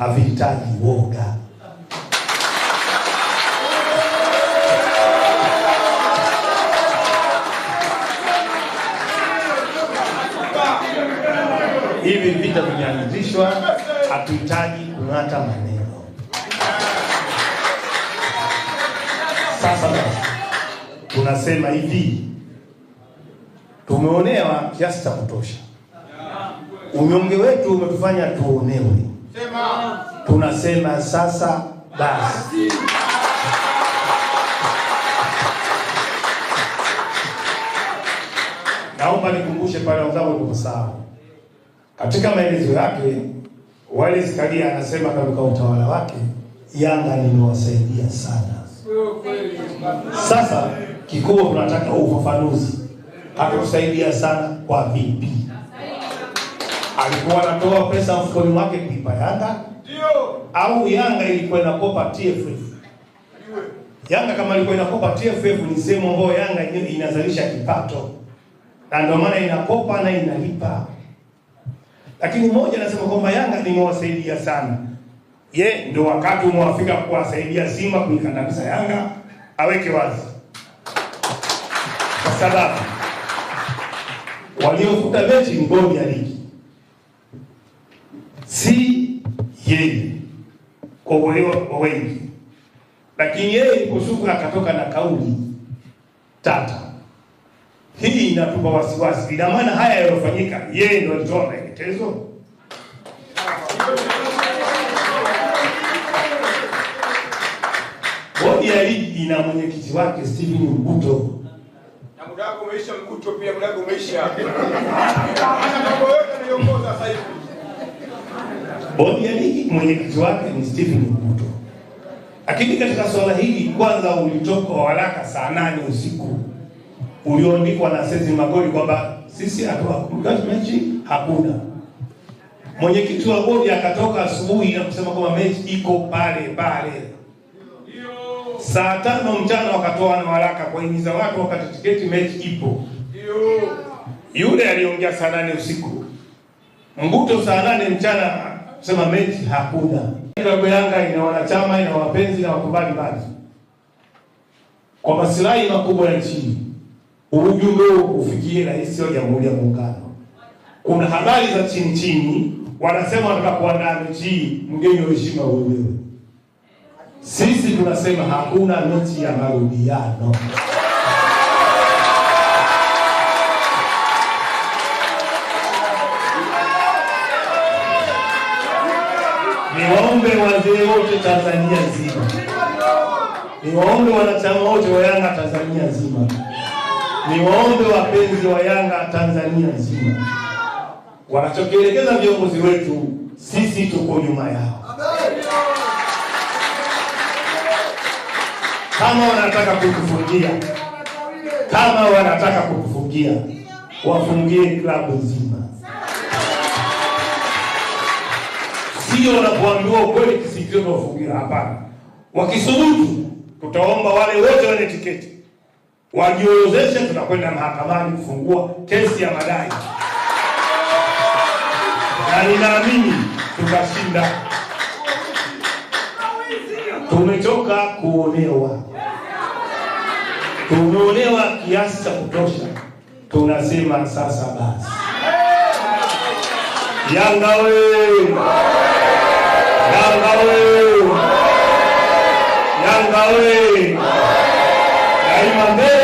havihitaji woga. Hivi vita vimeanzishwa, hatuhitaji kung'ata maneno. Sasa basi, tunasema hivi, tumeonewa kiasi cha kutosha. Unyonge wetu umetufanya tuonewe tunasema sasa basi. Naomba nikumbushe pale wenzangu sawa. Katika maelezo yake wale zikalia anasema katika utawala wake Yanga limewasaidia sana. Sasa kikubwa tunataka ufafanuzi, hatusaidia sana kwa vipi? alikuwa anatoa pesa mfukoni mwake kuipa Yanga ndio, au Yanga ilikuwa inakopa TFF? Yanga kama ilikuwa inakopa TFF, ni sehemu ambayo Yanga inazalisha kipato, na ndio maana inakopa na inalipa. Lakini mmoja anasema kwamba Yanga nimewasaidia sana. Ye ndio wakati umewafika kuwasaidia Simba kuikandamiza Yanga, aweke wazi, kwa sababu waliofuta mechi ni bodi ya ligi si yeye kwa uelewa wa wengi, lakini yeye kusuka akatoka na kauli tata. Hii inatupa wasiwasi. Ina maana haya yaliyofanyika, yeye ndio alitoa maelekezo. Bodi ya ligi ina mwenyekiti wake Stephen Mguto na pia wako umeisha. mambo yote muda sasa hivi Bodi ya ligi mwenyekiti wake ni Stephen Mguto. Lakini katika swala hili kwanza, ulitoka waraka saa nane usiku ulioandikwa na Sezi Magori kwamba sisi hatuwakurugaji mechi hakuna. Mwenyekiti wa bodi akatoka asubuhi na kusema kwamba mechi iko pale pale. Saa tano mchana wakatoa na waraka kuwahimiza watu wakati tiketi mechi ipo. Yule aliongea saa nane usiku, Mguto saa nane mchana sema mechi hakuna. Klabu Yanga ina wanachama, ina wapenzi na wakubali bali kwa masilahi makubwa ya nchi, ujumbe huu ufikie rais wa Jamhuri ya Muungano. Kuna habari za chini chini wanasema wanataka kuandaa mechi, mgeni wa heshima Sisi tunasema hakuna mechi ya marudiano. Niwaombe wazee wote Tanzania nzima, niwaombe wanachama wote wa Yanga Tanzania nzima, niwaombe wapenzi wa Yanga Tanzania nzima, wanachokielekeza viongozi wetu, sisi tuko nyuma yao. Kama wanataka kutufungia, kama wanataka kutufungia, wafungie klabu nzima. sio unapoambiwa ukweli kisikio tunafungira. Hapana, wakisubutu, tutaomba wale wote wenye tiketi wajiozeshe, tunakwenda mahakamani kufungua kesi ya madai na ninaamini tutashinda. Tumechoka kuonewa, tumeonewa kiasi cha kutosha. Tunasema sasa basi, Yanga we Yang kali, Yang gawe. yang Mandela.